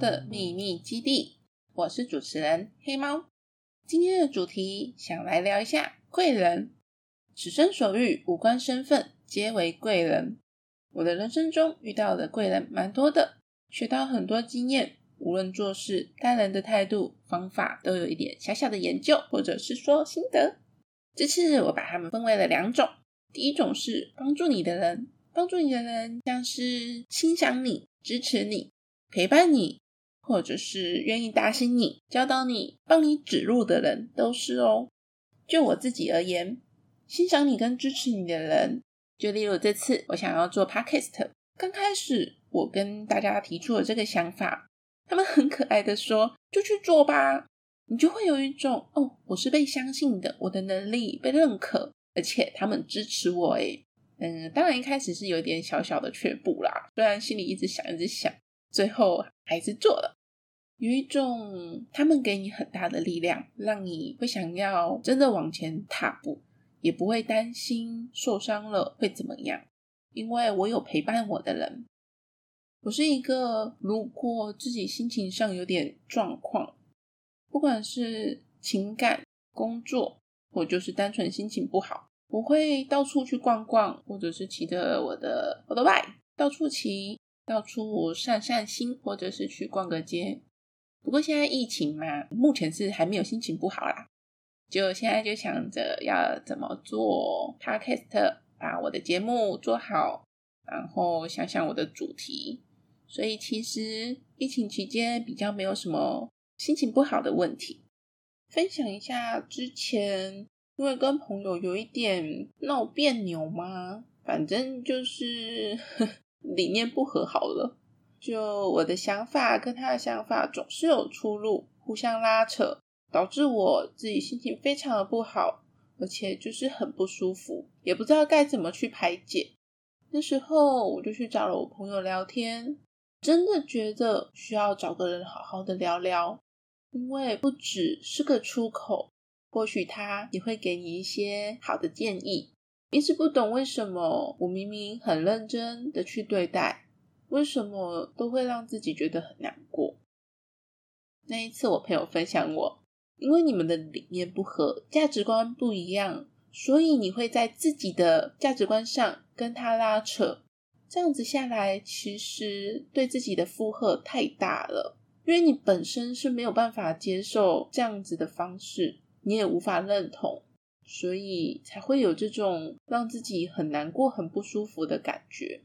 的秘密基地，我是主持人黑貓。今天的主題想來聊一下貴人，此生所遇，無關身份，皆為貴人。我的人生中遇到的貴人蠻多的，學到很多經驗。無論做事待人的態度、方法，都有一點小小的研究，或者是說心得。這次我把它們分為了兩種，第一種是幫助你的人，幫助你的人像是欣賞你、支持你、陪伴你。或者是願意打醒你、教導你、幫你指路的人都是哦。就我自己而言，欣賞你跟支持你的人，就例如這次我想要做 podcast，剛開始我跟大家提出了這個想法，他們很可愛的說：“就去做吧！”你就會有一種哦，我是被相信的，我的能力被認可，而且他們支持我。哎，嗯，當然一開始是有點小小的卻步啦，雖然心裡一直想、一直想，最後還是做了。有一種，他們給你很大的力量，讓你會想要真的往前踏步，也不會擔心受傷了會怎麼樣。因為我有陪伴我的人，我是一個，如果自己心情上有點狀況，不管是情感、工作，或就是單純心情不好，我會到處去逛逛，或者是騎着我的我的 autobike 到處騎，到處散散心，或者是去逛個街。不過現在疫情嘛，目前是還沒有心情不好啦。就現在就想着要怎麼做 podcast，把我的節目做好，然後想想我的主題。所以其實疫情期間比較沒有什麼心情不好的問題。分享一下之前，因為跟朋友有一點鬧別扭嘛，反正就是，呵，理念不合好了。就我的想法跟他的想法總是有出入，互相拉扯，導致我自己心情非常的不好，而且就是很不舒服，也不知道該怎麼去排解。那時候我就去找了我朋友聊天，真的覺得需要找個人好好的聊聊，因為不只是個出口，或許他也會給你一些好的建議。一直不懂為什麼我明明很認真的去對待。為什麼都會讓自己覺得很難過？那一次我朋友分享我，因為你們的理念不合，價值觀不一樣，所以你會在自己的價值觀上跟他拉扯。這樣子下來，其實對自己的負荷太大了，因為你本身是沒有辦法接受這樣子的方式，你也無法認同，所以才會有這種讓自己很難過、很不舒服的感覺。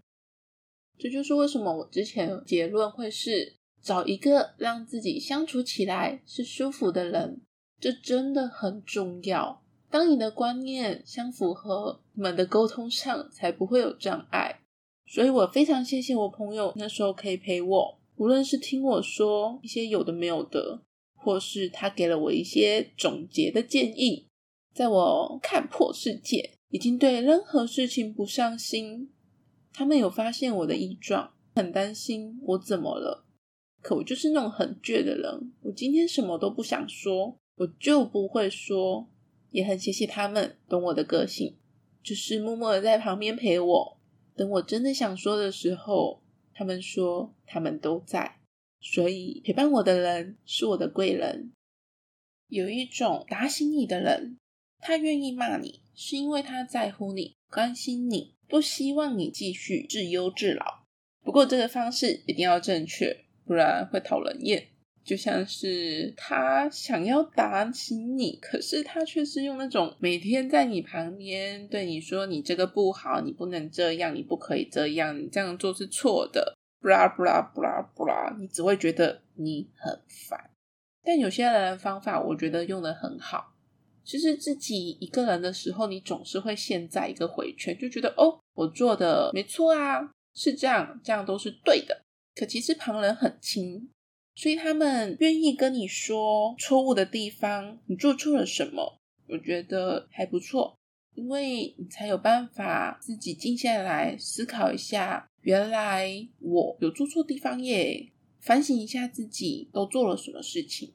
這就是為什麼我之前結論會是找一個讓自己相處起來是舒服的人，這真的很重要。當你的觀念相符合，你們的溝通上才不會有障礙。所以我非常謝謝我朋友那時候可以陪我，無論是聽我說一些有的沒有的，或是他給了我一些總結的建議，在我看破世界，已經對任何事情不上心。他們有發現我的異狀，很擔心我怎麼了。可我就是那種很倔的人，我今天什麼都不想說，我就不會說。也很謝謝他們懂我的個性，只、就是默默的在旁邊陪我。等我真的想說的時候，他們說他們都在。所以陪伴我的人是我的貴人。有一種打醒你的人，他願意罵你，是因為他在乎你，關心你。不希望你繼續自憂自老，不過這個方式一定要正確，不然會討人厭。就像是他想要打醒你，可是他卻是用那種每天在你旁邊對你說：“你這個不好，你不能這樣，你不可以這樣，你這樣做是錯的。”布拉布拉布拉布拉，你只會覺得你很煩。但有些人的方法，我覺得用得很好。其實自己一個人的時候，你總是會陷在一個回圈，就覺得哦，我做的沒錯啊，是這樣，這樣都是對的。可其實旁人很清，所以他們願意跟你說錯誤的地方，你做錯了什麼，我覺得還不錯，因為你才有辦法自己靜下來思考一下，原來我有做錯地方耶，反省一下自己都做了什麼事情，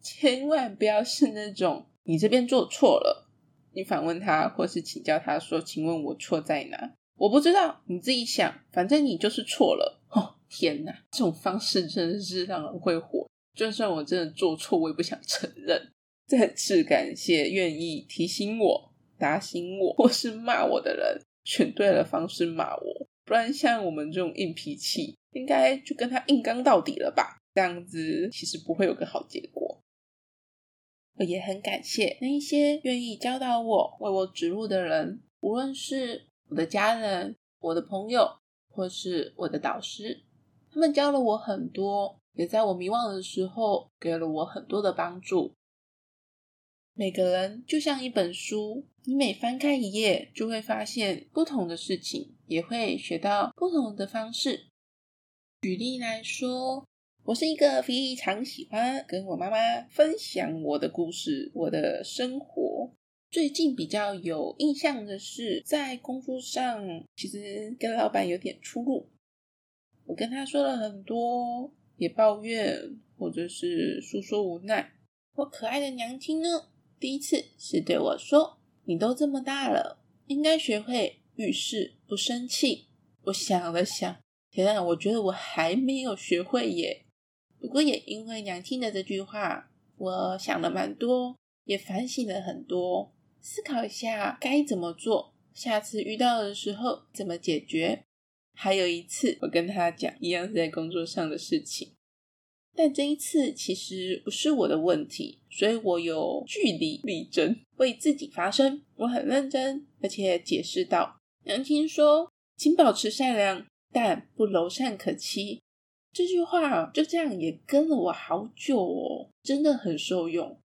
千萬不要是那種。你這邊做錯了，你反問他，或是請教他說：“請問我錯在哪？”我不知道，你自己想，反正你就是錯了。哦天哪，這種方式真的是讓人會火。就算我真的做錯，我也不想承認。再次感謝願意提醒我、打醒我或是罵我的人，選對了方式罵我。不然像我們這種硬脾氣，應該就跟他硬剛到底了吧？這樣子其實不會有個好結果。我也很感謝那一些願意教導我、為我指路的人，無論是我的家人、我的朋友，或是我的導師，他們教了我很多，也在我迷惘的時候給了我很多的幫助。每個人就像一本書，你每翻開一頁，就會發現不同的事情，也會學到不同的方式。舉例來說，我是一個非常喜歡跟我媽媽分享我的故事、我的生活。最近比較有印象的是，在工作上其實跟老闆有點出入。我跟他說了很多，也抱怨或者是訴說無奈。我可愛的娘親呢，第一次是對我說：“你都這麼大了，應該學會遇事不生氣。”我想了想，天哪，我覺得我還沒有學會耶。不過也因為娘親的這句話，我想了蠻多，也反省了很多，思考一下該怎麼做，下次遇到的時候怎麼解決。還有一次，我跟他講一樣是在工作上的事情，但這一次其實不是我的問題，所以我有據理力爭，為自己發聲。我很認真，而且解釋到娘親說：“請保持善良，但不柔善可欺。”這句話就這樣也跟了我好久哦，真的很受用。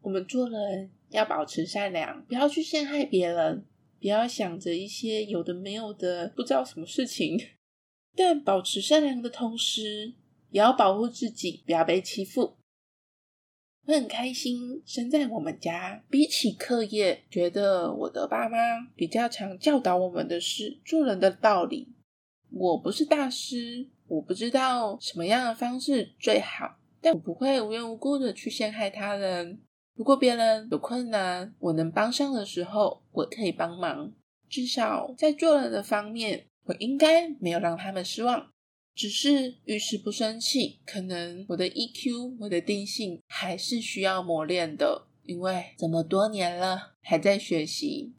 我們做人要保持善良，不要去陷害別人，不要想着一些有的沒有的，不知道什麼事情。但保持善良的同時，也要保護自己，不要被欺負。我很開心生在我們家，比起課業，覺得我的爸媽比較常教導我們的是做人的道理。我不是大師。我不知道什麼樣的方式最好，但我不會無緣無故的去陷害他人。如果別人有困難，我能幫上的時候，我可以幫忙。至少在做人的方面，我應該沒有讓他們失望。只是遇事不生氣，可能我的 EQ，我的定性還是需要磨練的。因為這麼多年了，還在學習。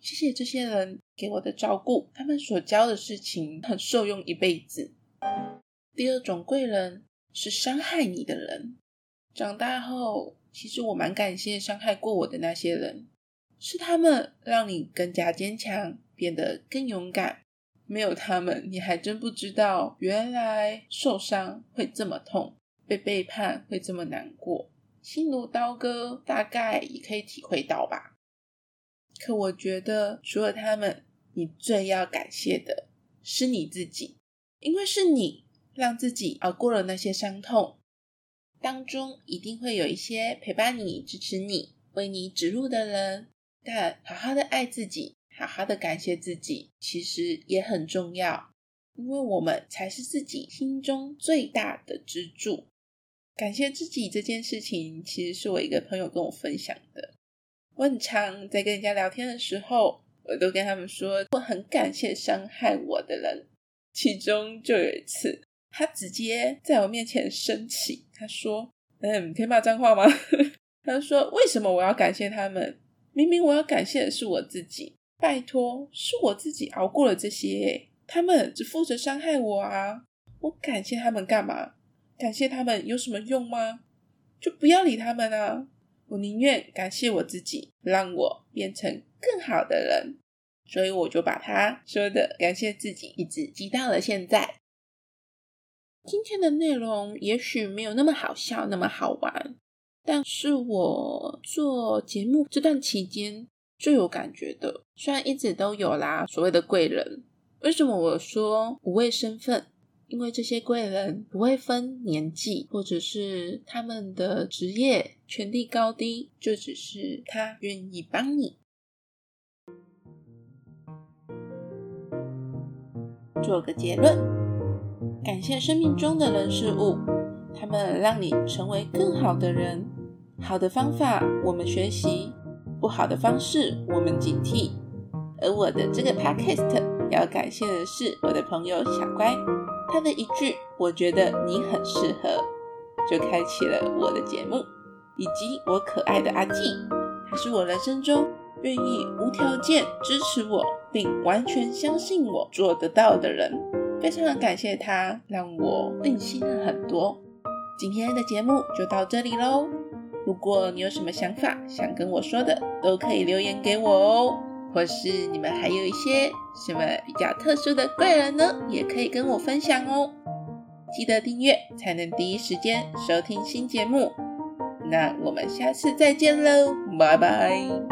謝謝這些人給我的照顧，他們所教的事情很受用一輩子。第二種貴人是傷害你的人。長大後，其實我蠻感謝傷害過我的那些人，是他們讓你更加堅強，變得更勇敢。沒有他們，你還真不知道原來受傷會這麼痛，被背叛會這麼難過，心如刀割，大概也可以體會到吧。可我覺得，除了他們，你最要感謝的是你自己。因為是你讓自己熬過了那些傷痛，當中一定會有一些陪伴你、支持你、為你指路的人。但好好的愛自己，好好的感謝自己，其實也很重要。因為我們才是自己心中最大的支柱。感謝自己這件事情，其實是我一個朋友跟我分享的。我很常在跟人家聊天的時候，我都跟他們說，我很感謝傷害我的人。其中就有一次，他直接在我面前生氣。他說：“嗯，可以罵髒話嗎？” 他說：“為什麼我要感謝他們？明明我要感謝的是我自己。拜託，是我自己熬過了這些，他們只負責傷害我啊！我感謝他們幹嘛？感謝他們有什麼用嗎？就不要理他們啊！我寧願感謝我自己，讓我變成更好的人。”所以我就把他說的感謝自己，一直記到了現在。今天的內容也許沒有那麼好笑，那麼好玩，但是我做節目這段期間最有感覺的，雖然一直都有啦。所謂的貴人，為什麼我說無關身分？因為這些貴人不會分年紀，或者是他們的職業、權力高低，就只是他願意幫你。做個結論，感謝生命中的人事物，他們讓你成為更好的人。好的方法我們學習，不好的方式我們警惕。而我的這個 podcast 要感謝的是我的朋友小乖，他的一句“我覺得你很適合”，就開啟了我的節目，以及我可愛的阿靜，還是我人生中。願意無條件支持我，並完全相信我做得到的人，非常感謝他，讓我定心了很多。今天的節目就到這裡嘍。如果你有什麼想法想跟我說的，都可以留言給我哦。或是你們還有一些什麼比較特殊的貴人呢，也可以跟我分享哦。記得訂閱才能第一時間收聽新節目。那我們下次再見嘍，拜拜。